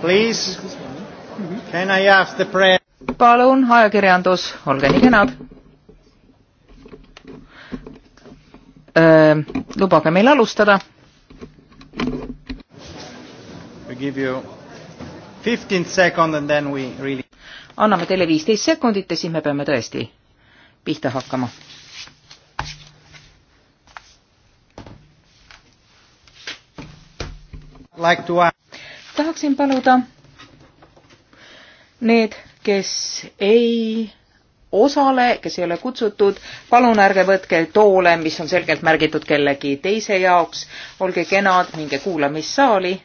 Please, can I ask the prayer? palun, ajakirjandus, olge nii kenad. lubage meil alustada. Really... anname teile viisteist sekundit ja siis me peame tõesti pihta hakkama. like to... tahaksin paluda need, kes ei osale, kes ei ole kutsutud, palun ärge võtke toole, mis on selgelt märgitud kellegi teise jaoks, olge kenad, minge kuulamissaali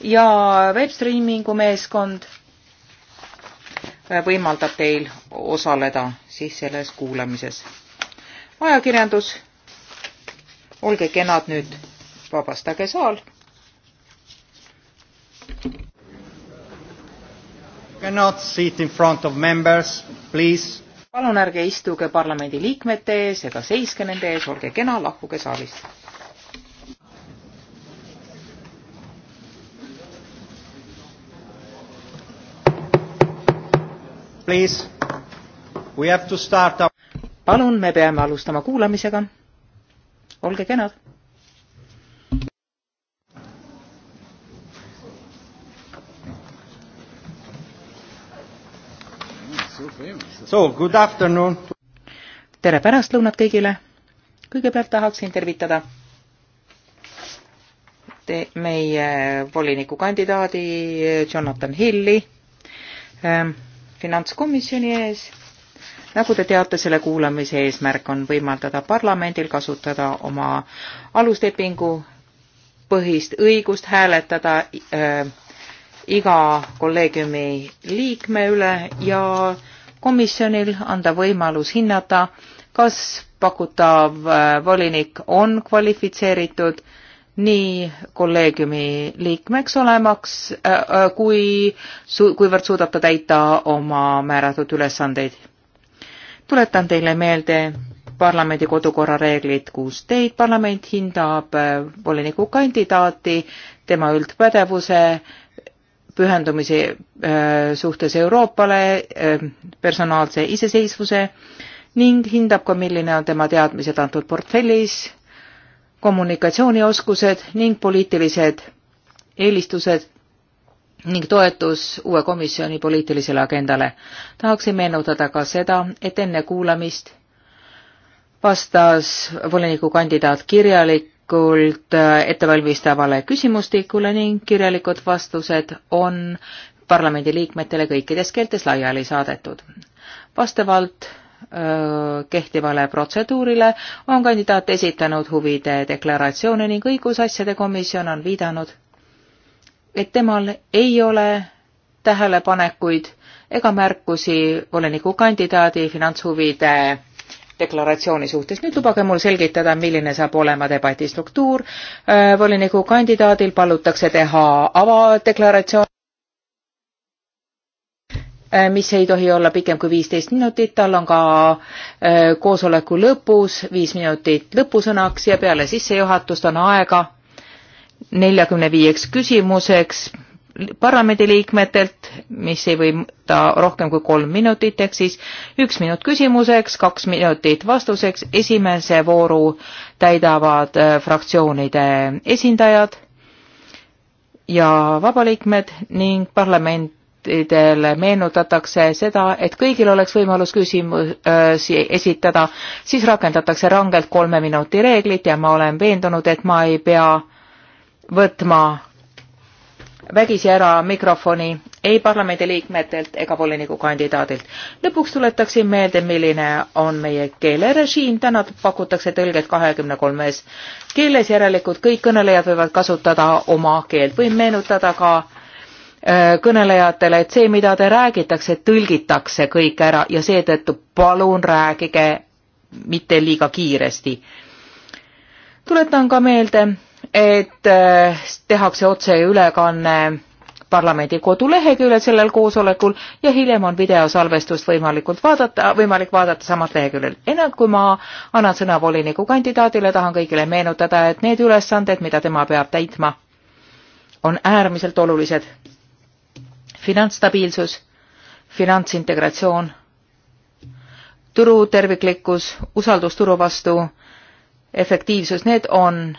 ja webstreamingu meeskond võimaldab teil osaleda siis selles kuulamises. ajakirjandus, olge kenad nüüd, vabastage saal cannot sit in front of members, please. palun ärge istuge parlamendi liikmete ees ega seiske nende ees, olge kena, lahkuge saalist. Please, we have to start our palun, me peame alustama kuulamisega. olge kenad. So, good afternoon. tere pärastlõunat kõigile. kõigepealt tahaksin tervitada te, meie volinikukandidaadi eh, Jonathan Hilli ähm, finantskomisjoni ees. nagu te teate, selle kuulamise eesmärk on võimaldada parlamendil kasutada oma aluslepingu põhist õigust hääletada äh, iga kolleegiumi liikme üle ja komisjonil anda võimalus hinnata, kas pakutav äh, volinik on kvalifitseeritud nii kolleegiumi liikmeks olemaks äh, äh, kui su,, kuivõrd suudab ta täita oma määratud ülesandeid. tuletan teile meelde parlamendi kodukorra reeglid, kus teid parlament hindab voliniku kandidaati, tema üldpädevuse äh, pühendumise äh, suhtes Euroopale, äh, personaalse iseseisvuse ning hindab ka, milline on tema teadmised antud portfellis, kommunikatsioonioskused ning poliitilised eelistused ning toetus uue komisjoni poliitilisele agendale. tahaksin meenutada ka seda, et enne kuulamist vastas volinikukandidaat kirjalik põhjalikult äh, ettevalmistavale küsimustikule ning kirjalikud vastused on parlamendiliikmetele kõikides keeltes laiali saadetud. vastavalt äh, kehtivale protseduurile on kandidaat esitanud huvide deklaratsioone ning õigusasjade komisjon on viidanud, et temal ei ole tähelepanekuid ega märkusi volinikukandidaadi finantshuvide deklaratsiooni suhtes. nüüd lubage mul selgitada, milline saab olema debati struktuur. Äh, volinikukandidaadil palutakse teha avadeklaratsioon äh, mis ei tohi olla pikem kui viisteist minutit, tal on ka äh, koosoleku lõpus viis minutit lõpusõnaks ja peale sissejuhatust on aega neljakümne viieks küsimuseks parlamendiliikmetelt, mis ei võta rohkem kui kolm minutit, ehk siis üks minut küsimuseks, kaks minutit vastuseks, esimese vooru täidavad äh, fraktsioonide esindajad ja vabaliikmed ning parlamentidele meenutatakse seda, et kõigil oleks võimalus küsimusi äh, esitada, siis rakendatakse rangelt kolme minuti reeglit ja ma olen veendunud, et ma ei pea võtma vägisi ära mikrofoni ei parlamendi liikmetelt ega volinikukandidaadilt. lõpuks tuletaksin meelde, milline on meie keelerežiim. täna pakutakse tõlget kahekümne kolmes keeles, järelikult kõik kõnelejad võivad kasutada oma keelt. võin meenutada ka äh, kõnelejatele, et see, mida te räägitakse, tõlgitakse kõik ära ja seetõttu palun rääkige mitte liiga kiiresti. tuletan ka meelde, et eh, tehakse otseülekanne parlamendi koduleheküljel sellel koosolekul ja hiljem on videosalvestust võimalikult vaadata, võimalik vaadata samalt leheküljel. enne kui ma annan sõna voliniku kandidaadile, tahan kõigile meenutada, et need ülesanded, mida tema peab täitma, on äärmiselt olulised. finantsstabiilsus, finantsintegratsioon, turu terviklikkus, usaldus turu vastu, efektiivsus, need on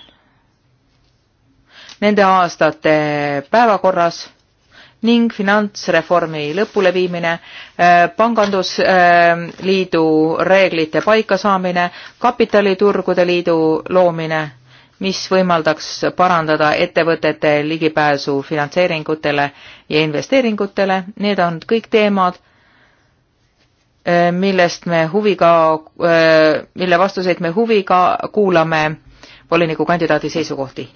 nende aastate päevakorras ning finantsreformi lõpuleviimine, äh, pangandusliidu reeglite paikasaamine, kapitaliturgude liidu loomine, mis võimaldaks parandada ettevõtete ligipääsu finantseeringutele ja investeeringutele, need on kõik teemad, äh, millest me huviga, äh, mille vastuseid me huviga kuulame volinikukandidaadi seisukohti.